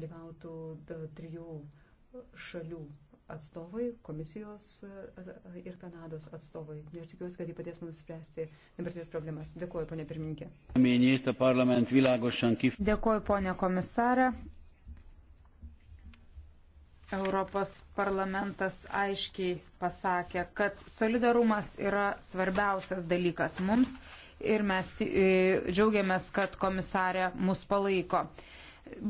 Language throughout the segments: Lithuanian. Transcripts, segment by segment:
dalyvautų trijų šalių atstovai, komisijos e, e, ir Kanados atstovai. Ir tikiuosi, kad jie padės mums spręsti dabartinės problemas. Dėkuoju, ponė pirmininkė. Dėkuoju, ponė komisarė. Europos parlamentas aiškiai pasakė, kad solidarumas yra svarbiausias dalykas mums ir mes e, džiaugiamės, kad komisarė mus palaiko.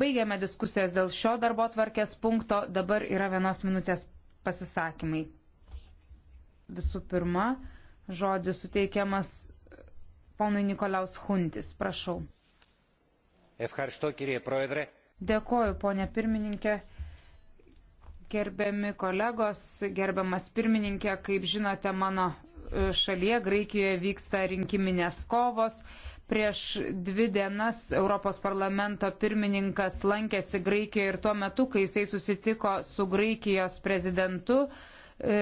Baigiame diskusijas dėl šio darbo tvarkės punkto. Dabar yra vienos minutės pasisakymai. Visų pirma, žodis suteikiamas ponui Nikolaus Huntis. Prašau. Dėkoju, ponė pirmininkė. Gerbiami kolegos, gerbiamas pirmininkė, kaip žinote, mano e, šalyje Graikijoje vyksta rinkiminės kovos. Prieš dvi dienas Europos parlamento pirmininkas lankėsi Graikijoje ir tuo metu, kai jisai susitiko su Graikijos prezidentu, e,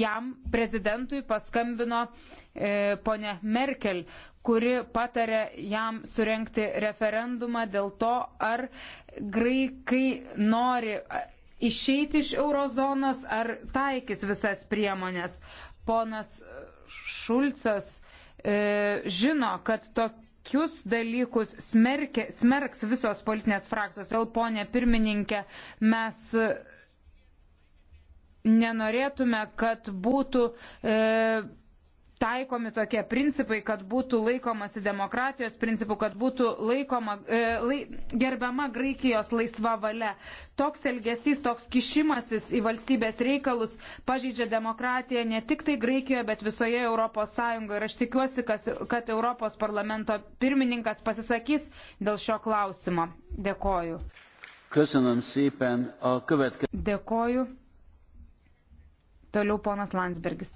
jam prezidentui paskambino e, ponė Merkel, kuri patarė jam surenkti referendumą dėl to, ar graikai nori išeiti iš eurozonos ar taikys visas priemonės. Ponas Šulcas E, žino, kad tokius dalykus smerkia, smerks visos politinės frakcijos. Todėl, ponė pirmininkė, mes nenorėtume, kad būtų. E, taikomi tokie principai, kad būtų laikomasi demokratijos principų, kad būtų laikoma, e, lai, gerbiama Graikijos laisva valia. Toks elgesys, toks kišimasis į valstybės reikalus pažydžia demokratiją ne tik tai Graikijoje, bet visoje Europos Sąjungoje. Ir aš tikiuosi, kad, kad Europos parlamento pirmininkas pasisakys dėl šio klausimo. Dėkoju. Dėkoju. Toliau ponas Landsbergis.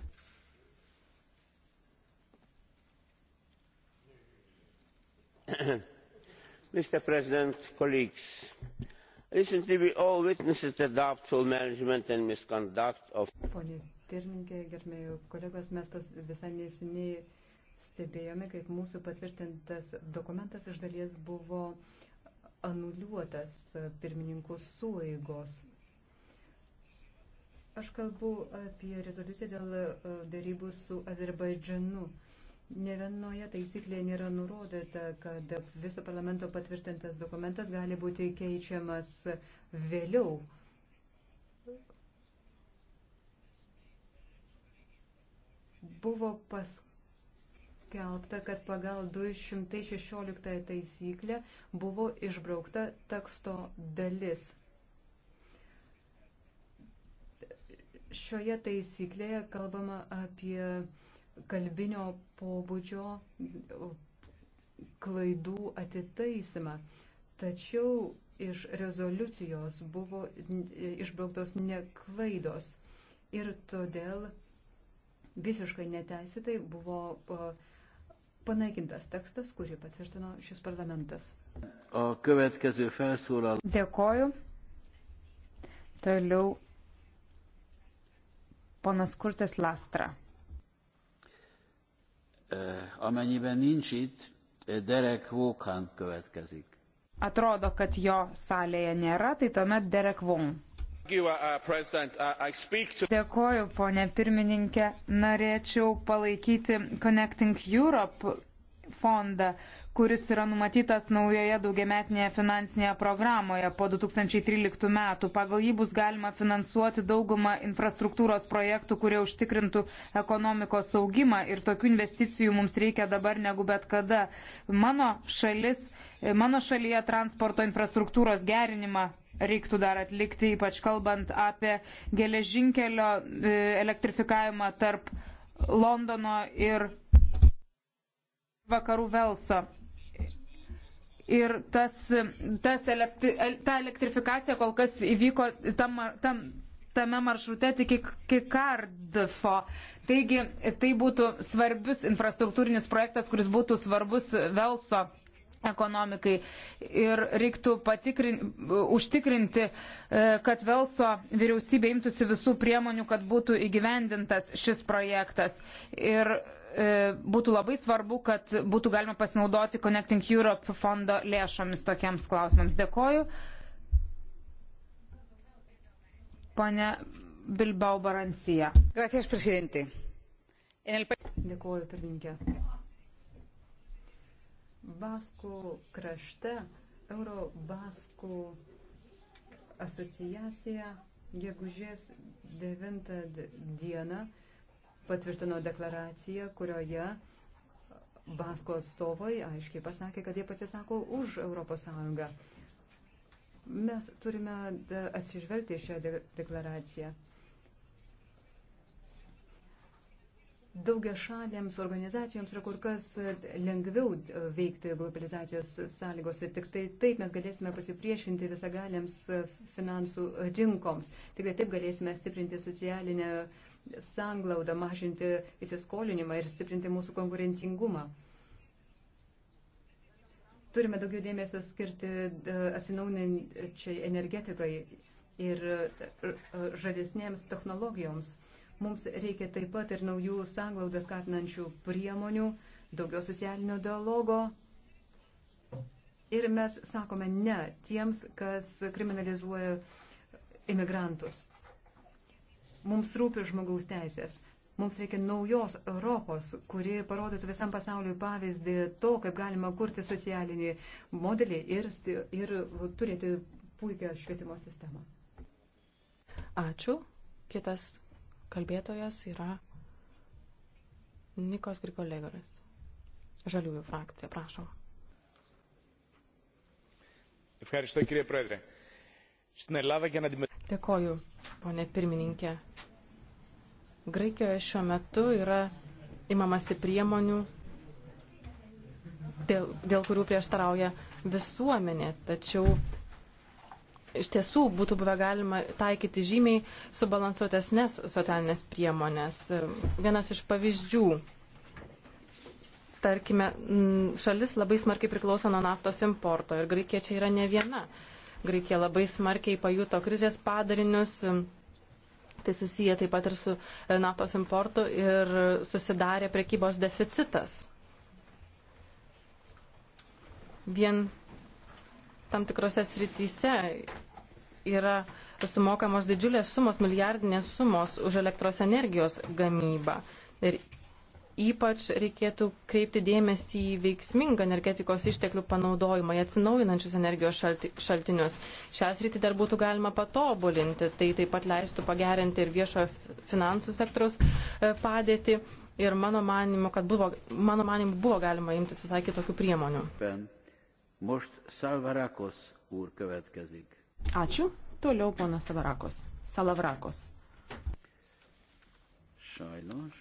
mr president colleagues recently we all witnessed the doubtful management and misconduct of. pone pirmininke gerbėjai kolegos mes visai neseniai stebėjome kaip mūsų patvirtintas dokumentas iš dalies buvo anuliuotas pirmininkų sueigos. Aš kalbu apie rezoliuciją dėl e, darybų su Azerbaidžanu. Uh, Ne vienoje taisyklėje nėra nurodyta, kad viso parlamento patvirtintas dokumentas gali būti keičiamas vėliau. Buvo paskelbta, kad pagal 216 taisyklę buvo išbraukta teksto dalis. Šioje taisyklėje kalbama apie kalbinio pobūdžio klaidų atitaisimą. Tačiau iš rezoliucijos buvo išbrauktos ne klaidos ir todėl visiškai neteisėtai buvo panaikintas tekstas, kurį patvirtino šis parlamentas. Dėkoju. Toliau ponas Kurtis Lastra. Amennyiben nincs itt, Derek Vaughan következik. Atrodo, kad jo salėje nėra, tai tuomet Derek Vaughan. Uh, uh, uh, Dėkoju, ponė pirmininkė. Norėčiau palaikyti Connecting Europe fondą, kuris yra numatytas naujoje daugiametinėje finansinėje programoje po 2013 metų. Pagal jį bus galima finansuoti daugumą infrastruktūros projektų, kurie užtikrintų ekonomikos saugimą ir tokių investicijų mums reikia dabar negu bet kada. Mano, šalis, mano šalyje transporto infrastruktūros gerinimą reiktų dar atlikti, ypač kalbant apie geležinkelio e, elektrifikavimą tarp Londono ir vakarų Velso. Ir tas, tas elektri, ta elektrifikacija kol kas įvyko tam, tam, tame maršrute tik iki Kardifo. Taigi tai būtų svarbus infrastruktūrinis projektas, kuris būtų svarbus Velso ekonomikai ir reiktų patikrin, užtikrinti, e, kad Velso vyriausybė imtųsi visų priemonių, kad būtų įgyvendintas šis projektas. Ir E, būtų labai svarbu, kad būtų galima pasinaudoti Connecting Europe fondo lėšomis tokiems klausimams. Dėkoju. Pane Bilbao Barancija. Gracias, prezidentė. El... Dėkoju, pirmininkė. Baskų krašte Euro Baskų asociacija gegužės 9 dieną patvirtino deklaraciją, kurioje Basko atstovai aiškiai pasakė, kad jie pasisako už ES. Mes turime e, atsižvelgti šią deklaraciją. Daugia šalėms organizacijoms yra kur kas e, lengviau e, veikti globalizacijos sąlygose. Tik tai taip mes galėsime pasipriešinti visagalėms finansų rinkoms. Tik tai taip galėsime stiprinti socialinę uh, sanglaudą, mažinti įsiskolinimą ir stiprinti mūsų konkurencingumą. Turime daugiau dėmesio skirti e, atsinaujinančiai energetikai ir e, žalesnėms technologijoms. Mums reikia taip pat ir naujų sanglaudą skatinančių priemonių, daugiau socialinio dialogo. Ir mes sakome ne tiems, kas kriminalizuoja imigrantus. Mums rūpi žmogaus teisės. Mums reikia naujos Europos, kuri parodytų visam pasauliu pavyzdį to, kaip galima kurti socialinį modelį ir, ir turėti puikią švietimo sistemą. Ačiū. Kitas kalbėtojas yra Nikos Grikolegoris. Žaliųjų frakcija, prašom. Ευχαριστώ κύριε Πρόεδρε. Dėkoju, ponė pirmininkė. Graikijoje šiuo metu yra imamasi priemonių, dėl, dėl kurių prieštarauja visuomenė. Tačiau iš tiesų būtų buvę galima taikyti žymiai subalansuotesnės socialinės priemonės. Vienas iš pavyzdžių. Tarkime, šalis labai smarkiai priklauso nuo naftos importo ir graikiečiai yra ne viena. Graikija labai smarkiai pajuto krizės padarinius. Tai susiję taip pat ir su e, naftos importu ir susidarė prekybos deficitas. Vien tam tikrose srityse yra sumokamos didžiulės sumos, milijardinės sumos už elektros energijos gamybą. Ir ypač reikėtų kreipti dėmesį į veiksmingą energetikos išteklių panaudojimą, į atsinaujinančius energijos šalti, šaltinius. Šią sritį dar būtų galima patobulinti, tai taip pat leistų pagerinti ir viešojo finansų sektoriaus e, padėtį. Ir mano manimu, kad buvo, mano manimu buvo galima imtis visai kitokių priemonių. Ačiū. Toliau ponas Savarakos. Salavrakos. Sajnos.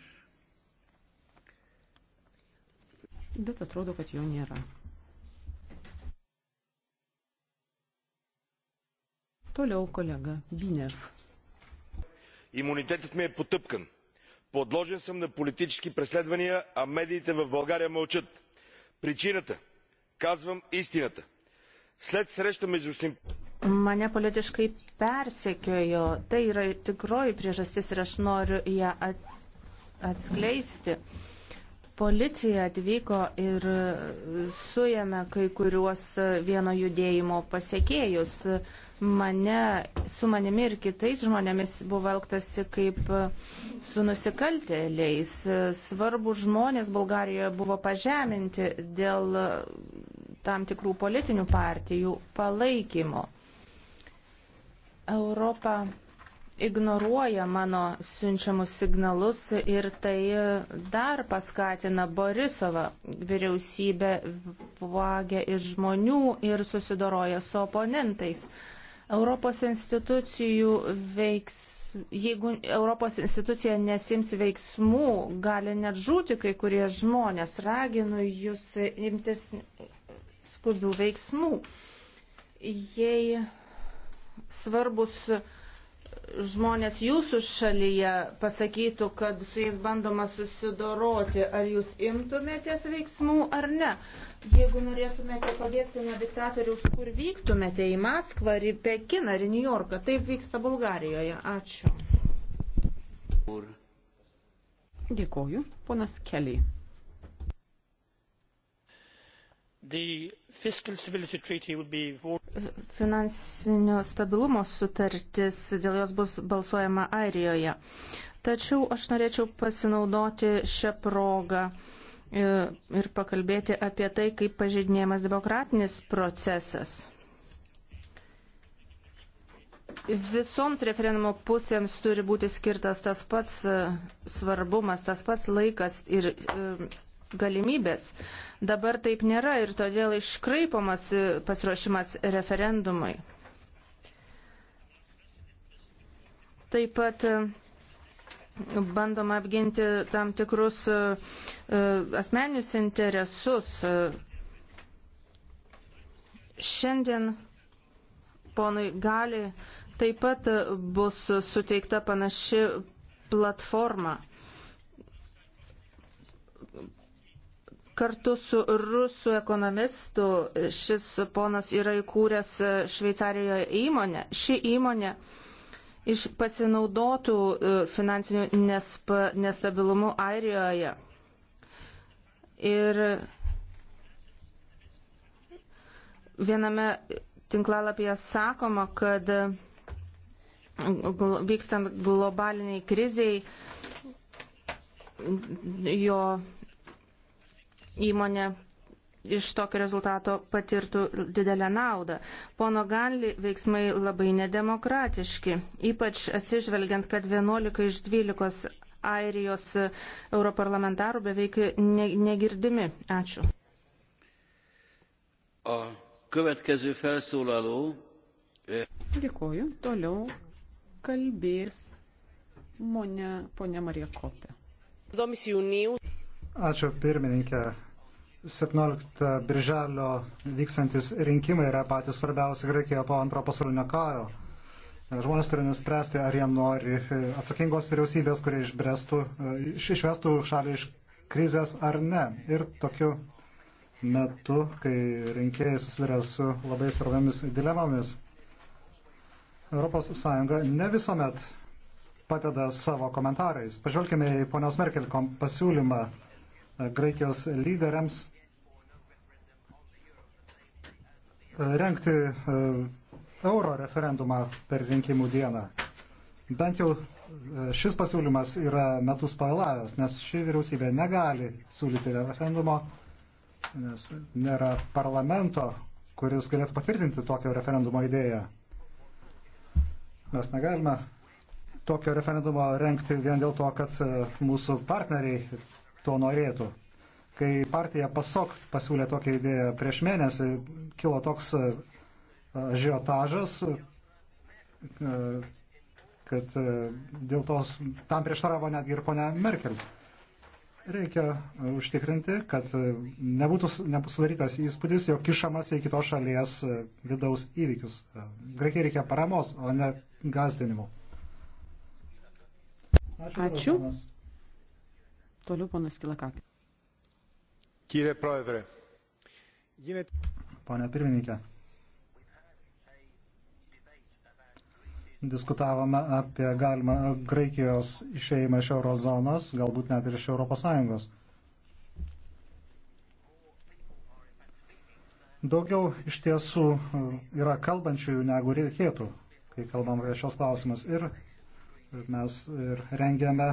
bet atrodo, kad jo nėra. Toliau kolega Binev. Имунитетът ми е потъпкан. Подложен съм на политически преследвания, а медиите в България мълчат. Причината? Казвам истината. След среща между сим... Mane politiškai persekiojo. Tai yra tikroji priežastis ir aš noriu ją at, atskleisti. Mm. Policija atvyko ir suėmė kai kuriuos vieno judėjimo pasiekėjus. Mane, su manimi ir kitais žmonėmis buvo elgtasi kaip su nusikaltėliais. Svarbu žmonės Bulgarijoje buvo pažeminti dėl tam tikrų politinių partijų palaikymo. Europa ignoruoja mano siunčiamus signalus ir tai dar paskatina Borisovą. Vyriausybė vagia iš žmonių ir susidoroja su oponentais. Europos institucijų veiks, jeigu Europos institucija nesims veiksmų, gali net žūti kai kurie žmonės. Raginu jūs imtis skubių veiksmų. Jei svarbus žmonės jūsų šalyje pasakytų, kad su jais bandoma susidoroti, ar jūs imtumėtės veiksmų ar ne. Jeigu norėtumėte pabėgti nuo diktatoriaus, kur vyktumėte į Maskvą, ar į Pekiną, ar į New Yorką, taip vyksta Bulgarijoje. Ačiū. Dėkoju, ponas Keliai. Finansinio stabilumo sutartis, dėl jos bus balsuojama Airijoje. Tačiau aš norėčiau pasinaudoti šią progą e, ir pakalbėti apie tai, kaip pažeidinėjamas demokratinis procesas. Visoms referendumo pusėms turi būti skirtas tas pats e, svarbumas, tas pats laikas ir e, galimybės. Dabar taip nėra ir todėl iškraipomas pasiruošimas referendumui. Taip pat e, bandoma apginti tam tikrus e, e, asmeninius interesus. Šiandien ponui gali taip pat bus suteikta panaši platforma. Kartu su rusų ekonomistu šis ponas yra įkūręs Šveicarijoje įmonę. Ši įmonė iš pasinaudotų e, finansinių nespa, nestabilumų Airijoje. Ir viename tinklalapyje sakoma, kad vykstant globaliniai kriziai jo įmonė iš tokio rezultato patirtų didelę naudą. Pono Ganli veiksmai labai nedemokratiški, ypač atsižvelgiant, kad 11 iš 12 Airijos europarlamentarų beveik ne, negirdimi. Ačiū. A következő felszólaló. Dėkoju. Toliau kalbės monia, ponia Marija Kopė. Ačiū pirmininkė. 17 birželio vykstantis rinkimai yra patys svarbiausi Graikijoje po antro pasaulinio karo. Žmonės turi nuspręsti, ar jie nori e, atsakingos vyriausybės, kurie išbrestų, e, išvestų šalį iš krizės ar ne. Ir tokiu metu, kai rinkėjai susiduria su labai svarbiamis dilemomis, ES ne visuomet padeda savo komentarais. Pažvelkime į ponios Merkel pasiūlymą E, Graikijos lyderiams e, renkti e, euro referendumą per rinkimų dieną. Bent jau šis pasiūlymas yra metus pavėlavęs, nes ši vyriausybė negali siūlyti referendumo, nes nėra parlamento, kuris galėtų patvirtinti tokio referendumo idėją. Mes negalime tokio referendumo renkti vien dėl to, kad mūsų partneriai to norėtų. Kai partija PASOK pasiūlė tokią idėją prieš mėnesį, kilo toks e, žiotažas, e, kad e, dėl tos tam prieštaravo netgi ir ponia Merkel. Reikia užtikrinti, kad nebūtų sudarytas įspūdis, jog kišamas į kitos šalies vidaus įvykius. Greikiai reikia paramos, o ne gazdinimo. Ačiū. Ačiū. Toliau ponas Kilakakis. Kyrie Proedre. Pone pirmininkė. Diskutavome apie galimą Graikijos išeimą iš eurozonos, galbūt net ir iš Europos Sąjungos. Daugiau iš tiesų yra kalbančiųjų negu reikėtų, kai kalbam apie šios klausimus. Ir mes ir rengiame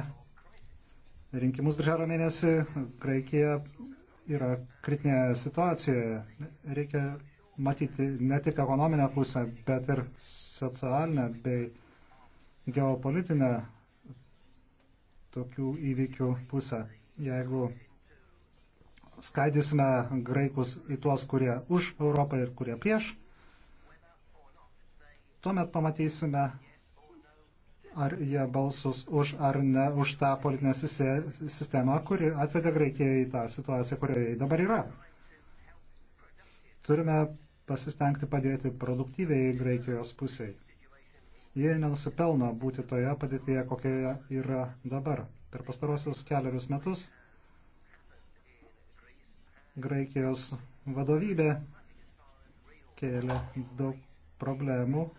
rinkimus birželio mėnesį, Graikija yra kritinėje situacijoje. Reikia matyti ne tik ekonominę pusę, bet ir socialinę bei geopolitinę tokių įvykių pusę. Jeigu skaidysime graikus į tuos, kurie už Europą ir kurie prieš, tuomet pamatysime, ar jie balsus už ar ne už tą politinę sistemą, kuri atvedė Graikiją į tą situaciją, kurioje dabar yra. Turime pasistengti padėti produktyviai Graikijos pusiai. Jie nenusipelno būti toje padėtyje, kokioje yra dabar. Per pastarosius keliarius metus Graikijos vadovybė kėlė daug problemų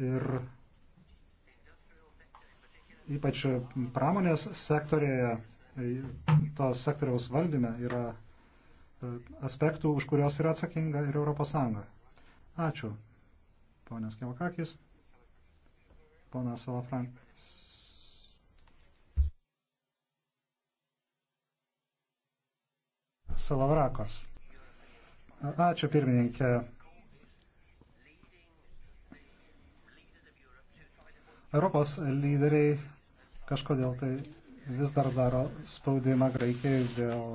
ir ypač pramonės sektorėje, tai to sektoriaus valdyme yra e, aspektų, už kurios yra atsakinga ir ES. Ačiū, ponas Kevakakis, ponas Salafrankas. Salavrakos. Ačiū pirmininkė. Europos lyderiai kažkodėl tai vis dar daro spaudimą Graikijai dėl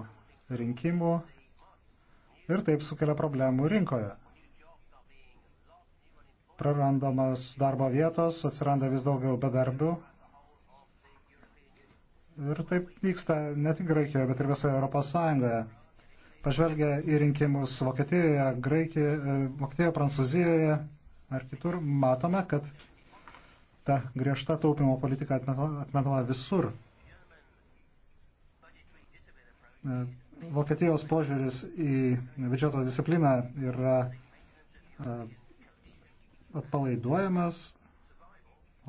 rinkimų ir taip sukelia problemų rinkoje. Prarandamas darbo vietos, atsiranda vis daugiau bedarbių. Ir taip vyksta ne tik Graikijoje, bet ir visoje Europos Sąjungoje. Pažvelgia į rinkimus Vokietijoje, Graikijoje, Vokietijoje, Prancūzijoje ar kitur, matome, kad ta griežta taupimo politika atmetama visur. E, Vokietijos požiūris į biudžeto discipliną yra e, atpalaiduojamas,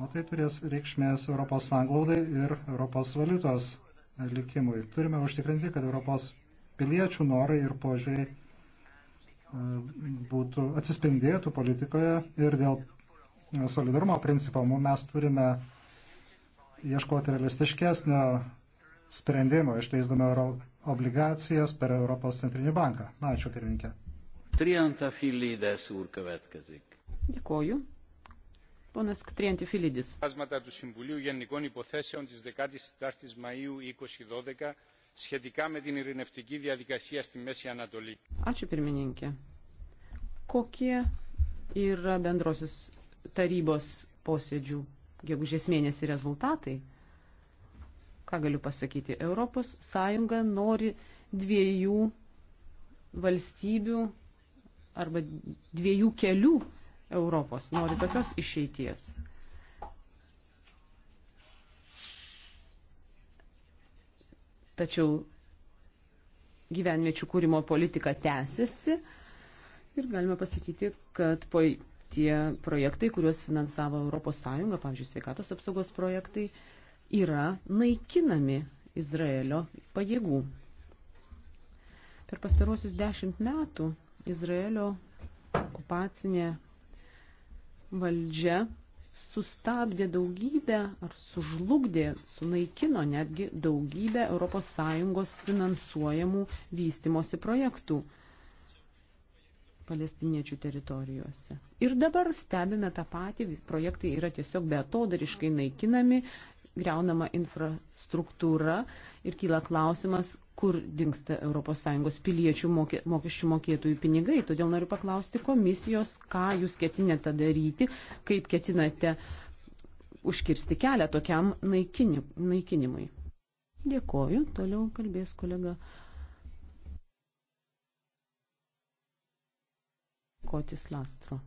o tai turės reikšmės Europos sanglaudai ir Europos valiutos likimui. Turime užtikrinti, kad Europos piliečių norai ir požiūriai e, būtų atsispindėtų politikoje ir dėl solidarumo principo, mes turime ieškoti realistiškesnio sprendimo, išleisdami euro obligacijas per Europos centrinį banką. Na, ačiū, pirmininkė. Trianta Filidės úr következik. Dėkoju. Ponas Trianta Filidis. Plasmata του Συμβουλίου Γενικών Υποθέσεων της 14ης Μαΐου 2012 σχετικά με την ειρηνευτική διαδικασία στη Μέση Ανατολή. Ačiū, pirmininkė. Kokie yra bendrosios tarybos posėdžių gegužės mėnesį rezultatai, ką galiu pasakyti, Europos Sąjunga nori dviejų valstybių arba dviejų kelių Europos, nori tokios išeities. Tačiau gyvenviečių kūrimo politika tęsiasi ir galime pasakyti, kad po tie projektai, kuriuos finansavo ES, pavyzdžiui, sveikatos apsaugos projektai, yra naikinami Izraelio pajėgų. Per pastarosius dešimt metų Izraelio okupacinė valdžia sustabdė daugybę ar sužlugdė, sunaikino netgi daugybę ES finansuojamų vystimosi projektų palestiniečių teritorijose. Ir dabar stebime tą patį, projektai yra tiesiog beatodariškai naikinami, greunama infrastruktūra ir kyla klausimas, kur dinksta ES piliečių mokė, mokesčių mokėtojų pinigai. Todėl noriu paklausti komisijos, ką jūs ketinate daryti, kaip ketinate užkirsti kelią tokiam naikini, naikinimui. Dėkoju, toliau kalbės kolega Kotis Lastro.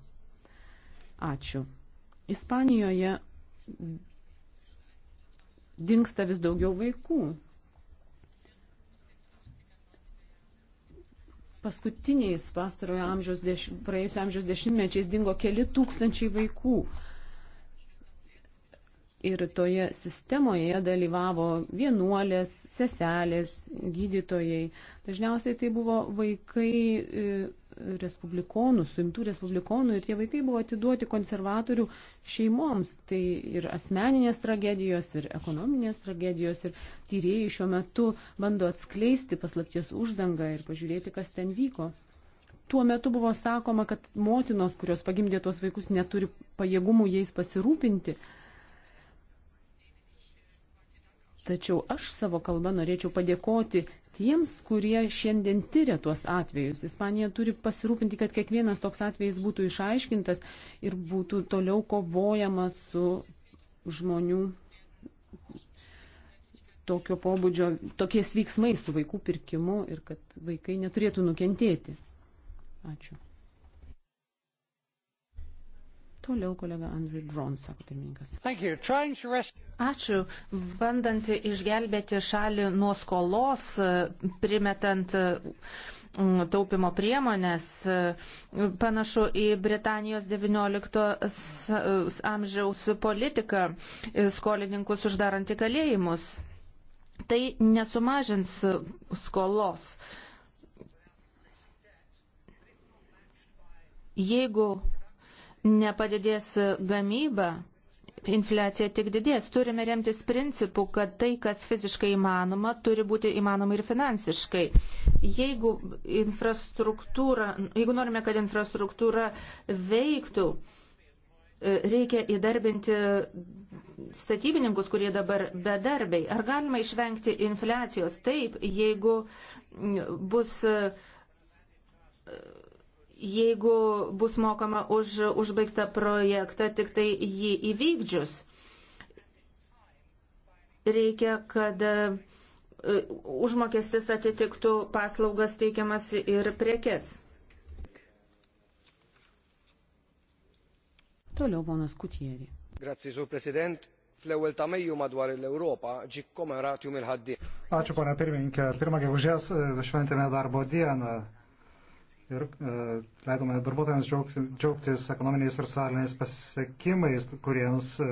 Ačiū. Ispanijoje dinksta vis daugiau vaikų. Paskutiniais pastarojo amžiaus, deš, praėjusio amžiaus dešimtmečiais dingo keli tūkstančiai vaikų. Ir toje sistemoje dalyvavo vienuolės, seselės, gydytojai. Dažniausiai tai buvo vaikai e, respublikonų, suimtų respublikonų ir tie vaikai buvo atiduoti konservatorių šeimoms. Tai ir asmeninės tragedijos, ir ekonominės tragedijos, ir tyrėjai šiuo metu bando atskleisti paslapties uždangą ir pažiūrėti, kas ten vyko. Tuo metu buvo sakoma, kad motinos, kurios pagimdė tuos vaikus, neturi pajėgumų jais pasirūpinti. Tačiau aš savo kalbą norėčiau padėkoti tiems, kurie šiandien tyria tuos atvejus. Ispanija turi pasirūpinti, kad kiekvienas toks atvejis būtų išaiškintas ir būtų toliau kovojama su žmonių tokio pobūdžio, tokiais veiksmais su vaikų pirkimu ir kad vaikai neturėtų nukentėti. Ačiū. Toliau kolega Andrew Dron, sako pirmininkas. Ačiū. Bandant išgelbėti šalį nuo skolos, e, primetant e, taupimo priemonės, e, panašu į Britanijos XIX amžiaus politiką, skolininkus uždarant į kalėjimus. Tai nesumažins skolos. Jeigu nepadidės gamyba, infliacija tik didės. Turime remtis principu, kad tai, kas fiziškai įmanoma, turi būti įmanoma ir finansiškai. Jeigu, jeigu norime, kad infrastruktūra veiktų, reikia įdarbinti statybininkus, kurie dabar bedarbiai. Ar galima išvengti infliacijos? Taip, jeigu bus jeigu bus mokama už užbaigtą projektą tik tai jį įvykdžius. Reikia, kad e, užmokestis atitiktų paslaugas teikiamas ir prekes. Toliau ponas Kutierį. Grazie, žau prezident. Flewel tamėjų madvar il Europą, džik komeratium il haddį. Ačiū, ponia pirmininkė. Pirmą gegužės e, šventėme darbo dieną ir e, leidome darbuotojams džiaugti, džiaugtis ekonominiais ir socialiniais pasiekimais, kuriems e,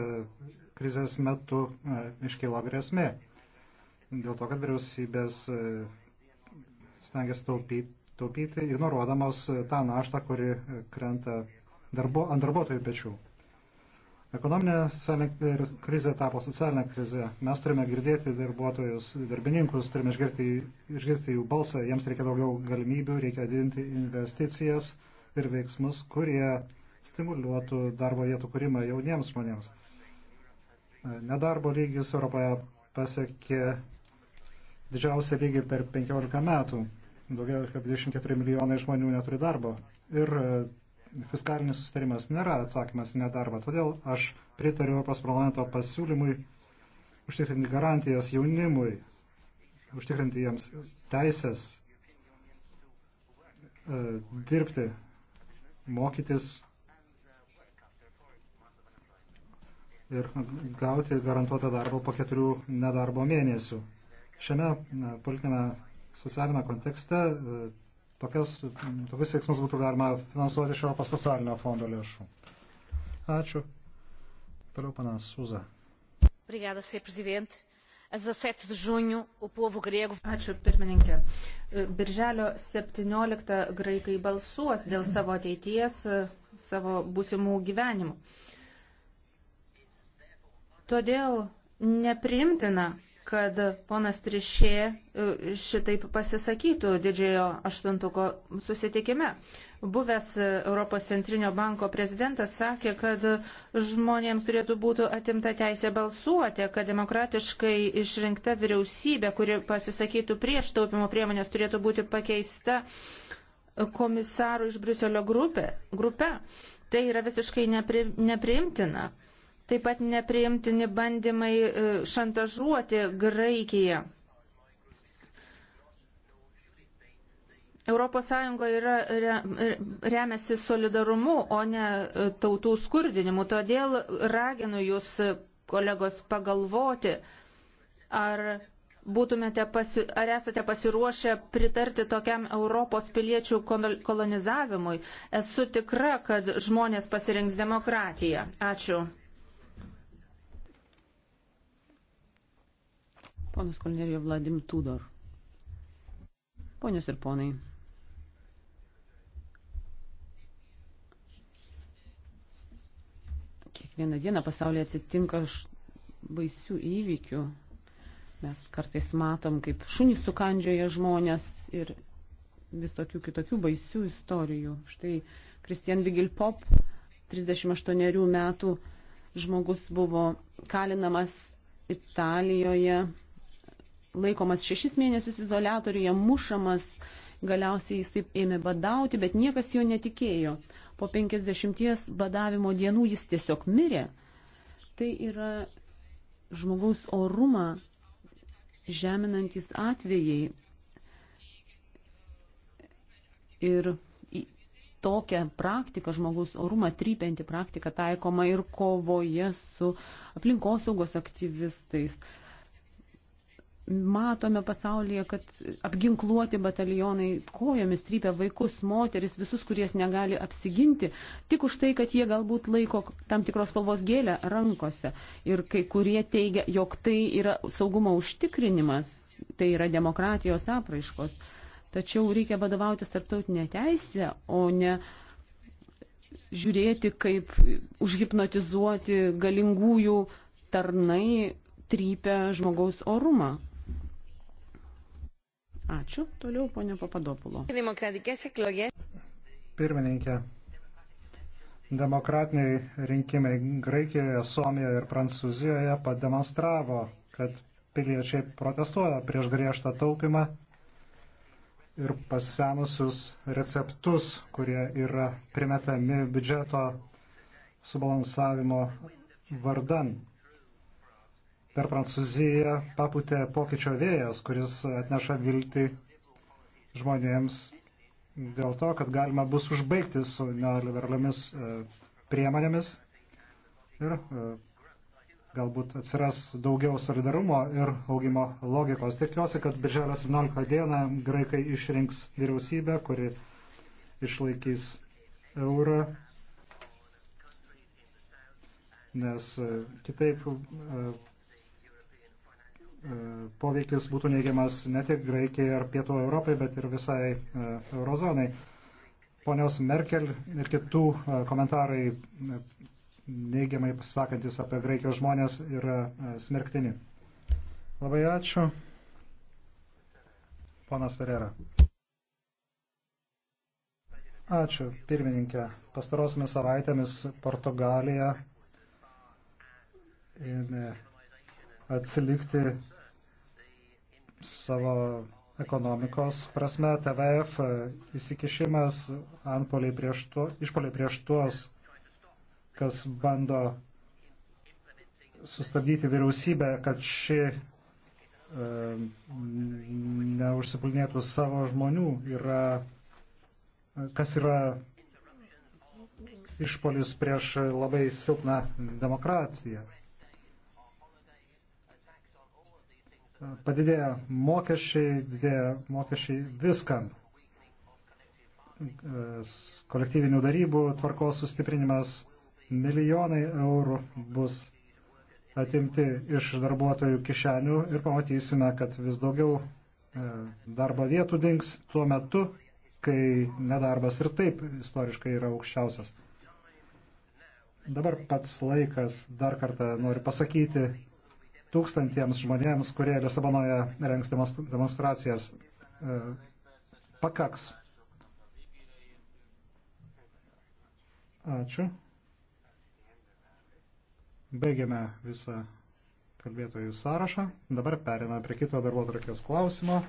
krizės metu e, iškilo grėsmė. Dėl to, kad vyriausybės e, stengiasi taupyti, taupyti, ignoruodamos tą naštą, kuri e, krenta darbo, ant darbuotojų pečių. Ekonominė krizė tapo socialinė krizė. Mes turime girdėti darbuotojus, darbininkus, turime išgirti, išgirsti jų balsą, jiems reikia daugiau galimybių, reikia didinti investicijas ir veiksmus, kurie stimuliuotų darbo vietų kūrimą jauniems žmonėms. Nedarbo lygis Europoje pasiekė didžiausią lygį per 15 metų. Daugiau kaip 24 milijonai žmonių neturi darbo. Ir fiskalinis sustarimas nėra atsakymas į nedarbą. Todėl aš pritariu Europos parlamento pasiūlymui užtikrinti garantijas jaunimui, užtikrinti jiems teisės e, dirbti, mokytis ir gauti garantuotą darbą po keturių nedarbo mėnesių. Šiame politinėme socialinėme kontekste e, Tokias, tokius veiksmus būtų galima finansuoti iš Europos socialinio fondo lėšų. Ačiū. Toliau panas Suza. Obrigada, Sr. Presidente. A 17 de junho, o povo grego. Ačiū, pirmininkė. Birželio 17 graikai balsuos dėl savo ateities, savo būsimų gyvenimų. Todėl nepriimtina, kad ponas Trišė e, šitaip pasisakytų didžiojo aštuntuko susitikime. Buvęs Europos centrinio banko prezidentas sakė, kad žmonėms turėtų būti atimta teisė balsuoti, kad demokratiškai išrinkta vyriausybė, kuri pasisakytų prieš taupimo priemonės, turėtų būti pakeista komisarų iš Bruselio grupė. grupė. Tai yra visiškai nepri, nepriimtina. Taip pat nepriimtini bandymai e, šantažuoti Graikiją. ES yra remiasi solidarumu, o ne e, tautų skurdinimu. Todėl raginu jūs, e, kolegos, pagalvoti, ar, pasi, ar esate pasiruošę pritarti tokiam Europos piliečių kolonizavimui. Esu tikra, kad žmonės pasirinks demokratiją. Ačiū. Ponas Kolnerijo Vladim Tudor. Ponios ir ponai. Kiekvieną dieną pasaulyje atsitinka baisių įvykių. Mes kartais matom, kaip šunys sukandžioja žmonės ir visokių kitokių baisių istorijų. Štai Kristian Vigilpop, 38 metų žmogus buvo kalinamas Italijoje laikomas šešis mėnesius izolatoriuje, mušamas, galiausiai jis taip ėmė badauti, bet niekas jo netikėjo. Po 50 badavimo dienų jis tiesiog mirė. Tai yra žmogaus orumą žeminantis atvejai. Ir tokią praktiką, žmogaus orumą trypianti praktika taikoma ir kovoje su aplinkosaugos aktyvistais matome pasaulyje, kad apginkluoti batalionai kojomis trypia vaikus, moteris, visus, kuries negali apsiginti, tik už tai, kad jie galbūt laiko tam tikros spalvos gėlę rankose. Ir kai kurie teigia, jog tai yra saugumo užtikrinimas, tai yra demokratijos apraiškos. Tačiau reikia vadovautis tarptautinė teisė, o ne žiūrėti, kaip užhipnotizuoti galingųjų tarnai trypia žmogaus orumą. Ačiū. Toliau, ponia Papadopulo. Pirmininkė, demokratiniai rinkimai Graikijoje, Suomijoje ir Prancūzijoje pademonstravo, kad piliečiai protestuoja prieš griežtą taupimą ir pasenusius receptus, kurie yra primetami biudžeto subalansavimo vardan per Prancūziją paputė pokyčio vėjas, kuris atneša viltį žmonėms dėl to, kad galima bus užbaigti su neoliberaliomis e, priemonėmis ir e, galbūt atsiras daugiau solidarumo ir augimo logikos. Tikiuosi, kad birželio 17 dieną graikai išrinks vyriausybę, kuri išlaikys eurą nes e, kitaip E, poveikis būtų neigiamas ne tik Graikijai ar Pietų Europai, bet ir visai e, eurozonai. Ponios Merkel ir kitų e, komentarai neigiamai pasakantis apie Graikijos žmonės yra smerktini. Labai ačiū. Ponas Ferrera. Ačiū, pirmininkė. Pastarosiamis savaitėmis Portugalija ėmė atsilikti savo ekonomikos prasme TVF e, įsikišimas antpoliai prieš, tuo, prieš tuos, kas bando sustabdyti vyriausybę, kad ši e, neužsipulnėtų savo žmonių, yra, e, kas yra išpolis prieš labai silpną demokraciją. padidėja mokesčiai, didėja mokesčiai viskam. E, kolektyvinių darybų tvarkos sustiprinimas milijonai eurų bus atimti iš darbuotojų kišenių ir pamatysime, kad vis daugiau e, darbo vietų dings tuo metu, kai nedarbas ir taip istoriškai yra aukščiausias. Dabar pats laikas dar kartą noriu pasakyti, tūkstantiems žmonėms, kurie Lisabonoje rengs demonstracijas, e, pakaks. Ačiū. Baigiame visą kalbėtojų sąrašą. Dabar perėmame prie kito darbo trakės klausimo.